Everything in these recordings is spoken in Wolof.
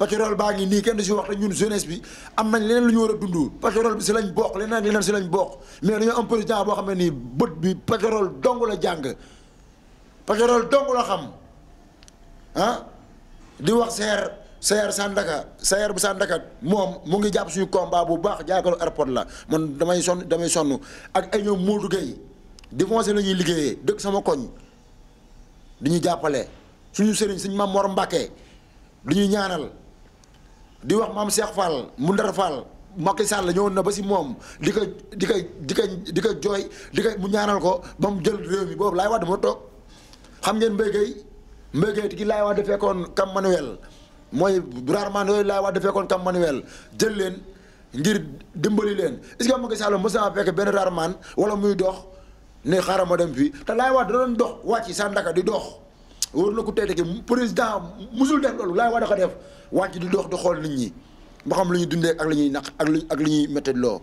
pétrole baa ngi nii kenn du wax te ñun jeunesse bi am nañ leneen lu ñu war a dund pétrole bi si lañ bokk leneen ak leneen lañ bokk mais dañoo am président boo xam ne nii bët bi pétrole dong la jàng pétrole dong xam ah di wax seer seer Sandaka seer bu Sandaka moom mu ngi jàpp suñu combat bu baax jaakalu airport la man damay sonn damay sonn ak ay ñoom Modou Gueye di la ñuy liggéeyee dëkk sama koñ di ñu jàppale suñu sëriñ suñu ma Mor Mbacke du ñuy ñaanal di wax maam Cheikh Fall mu ndara Fall Macky Sall ñëwoon na ba si moom di ko di ko di ko di ko jooy di mu ñaanal ko ba mu jël réew mi boobu Laay Wade moo toog xam ngeen mbéygay mbéygay gi Laay Wade fekkoon Cap Manuel mooy rarement yooyu Laay Wade fekkoon Cap Manuel jël leen ngir dimbali leen est-ce que Macky Sall mës naa fekk benn maan wala muy dox ne xaaral ma dem fii te Laay Wade da doon dox wàcc sa ndaka di dox. wóor na ku tey ki président musul def loolu laay war a ko def wàcc di dox di xool nit ñi ba xam lu ñuy dundee ak li ñuy naq ak li ak li ñuy loo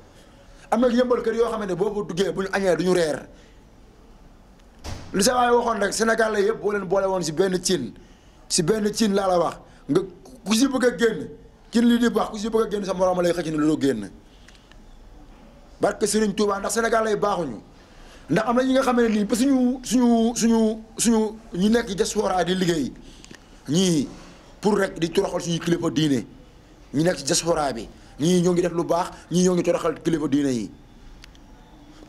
am na yëmbal kër yoo xam ne boo ko duggee bu ñu añee du ñu reer li sa waay waxoon rek Sénégal la yëpp boo leen boole woon si benn cin si benn cin laa la wax nga ku si bëgg a génn cin li di baax ku si bëgg a génn sa morom lay xëcc ne lu doo génn barke Serigne Touba ndax Sénégal lay baaxuñu. ndax am na ñi nga xam ne nii ba suñu suñu suñu suñu ñu nekk diaspora di liggéey ñii pour rek di toroxal suñu kilifa diine ñu nekk ci diaspora bi ñii ñoo ngi def lu baax ñii ñoo ngi toroxal kilifa diine yi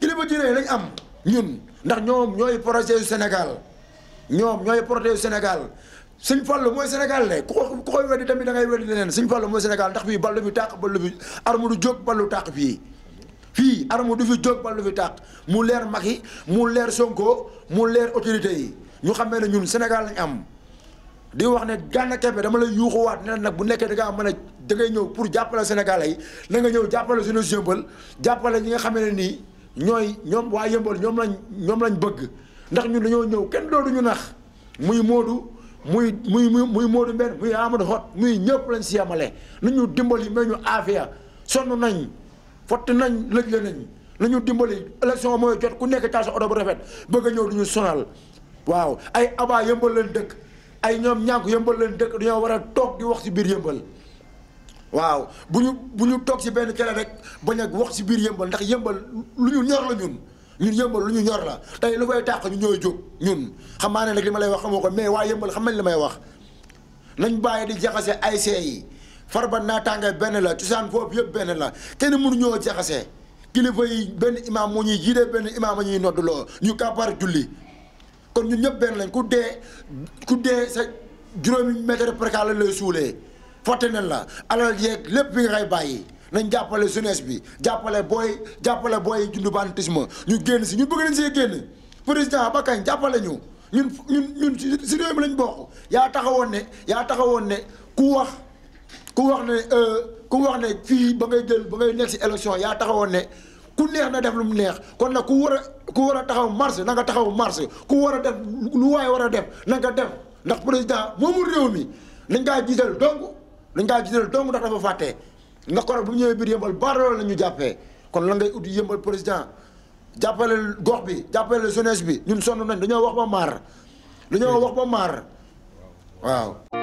kilifa diine yi am ñun ndax ñoom ñooy projet yu Sénégal ñoom ñooy projet yu Sénégal Sëñ Fallu mooy Sénégal de ku ko ku koy weddi tamit da ngay weddi leneen Sëñ Fallu mooy Sénégal ndax fii ballu bi tàq ballu bi arme du jóg ballu tàq fii fii arme du fi jóg wala du fi tàq mu leer yi mu leer Sonko mu leer autorité yi ñu xamee ne ñun Sénégal am di wax ne Gana Kebe dama lay waat ne nag bu nekkee da ngaa mën da ngay ñëw pour jàppale Sénégalais yi na nga ñëw jàppale suñu yëmbal jàppale ñi nga xam ne nii ñooy ñoom waa yëmbal ñoom lañ ñoom lañ bëgg ndax ñu dañoo ñëw kenn loolu ñu nax muy Modou muy muy muy Modou Mbène muy Amadou Hott muy ñëpp lañ si yemale nu ñu dimbali mais ñu aafiya sonn nañ. fott nañ lëj la nañ nañu dimbali élection mooy jot ku nekk taal sa bu rafet bëgg a ñëw du ñu sonal waaw ay abaa yëmbal leen dëkk ay ñoom ñànk yëmbal leen dëkk dañoo war a toog di wax si biir yëmbal bu ñu bu ñu toog si benn kere rek bañ a wax si biir yëmbal ndax yëmbal lu ñu ñor la ñun yëmbal lu ñu ñor la tey lu fay tàq ñu ñooy jóg ñun xam ne nag li ma lay wax xamoo ko mais waa yëmbal xam nañ la may wax nañ bàyyi di jaxase ay see yi farba naataange benn la cosaan foofu yëpp benn la kenn mënu ñoo jaxasee kilifa yi benn imaam moo ñuy jiite benn imaam a ñuy noddloo ñu kàppaar julli kon ñun ñëpp benn lañ ku dee ku dee sa juróomi mètre percale lay suulee fàtte nañ la alal lépp bi nga bàyyi nañ jàppale jeunesse bi jàppale booy jàppale booy jundu bantisme ñu génn si ñu bëgg nañ see génn président ba kañ jàppale ñu ñun ñun ñun si réew mi lañ bokk yaa taxawoon ne yaa taxawoon ne ku wax. ku wax ne euh, ku wax ne fii ba ngay jël ba ngay nekk si élection yaa taxawoon ne ku neex na def lu mu neex kon nag ku war a ku war a taxaw marche nanga nga taxaw marche ku war a def lu waaye war a def na nga def ndax président moomu réew mi dañ kaa jiital dong dañ kaa jiital dong ndax dafa fàtte ndax kon bu ñëwee biir yëmbal baadoolo la ñu jàppee kon langay ngay yëmbal président jàppale gox bi jàppale jeunesse bi ñun sonn nañ dañoo wax ba maar dañoo wax ba maar waaw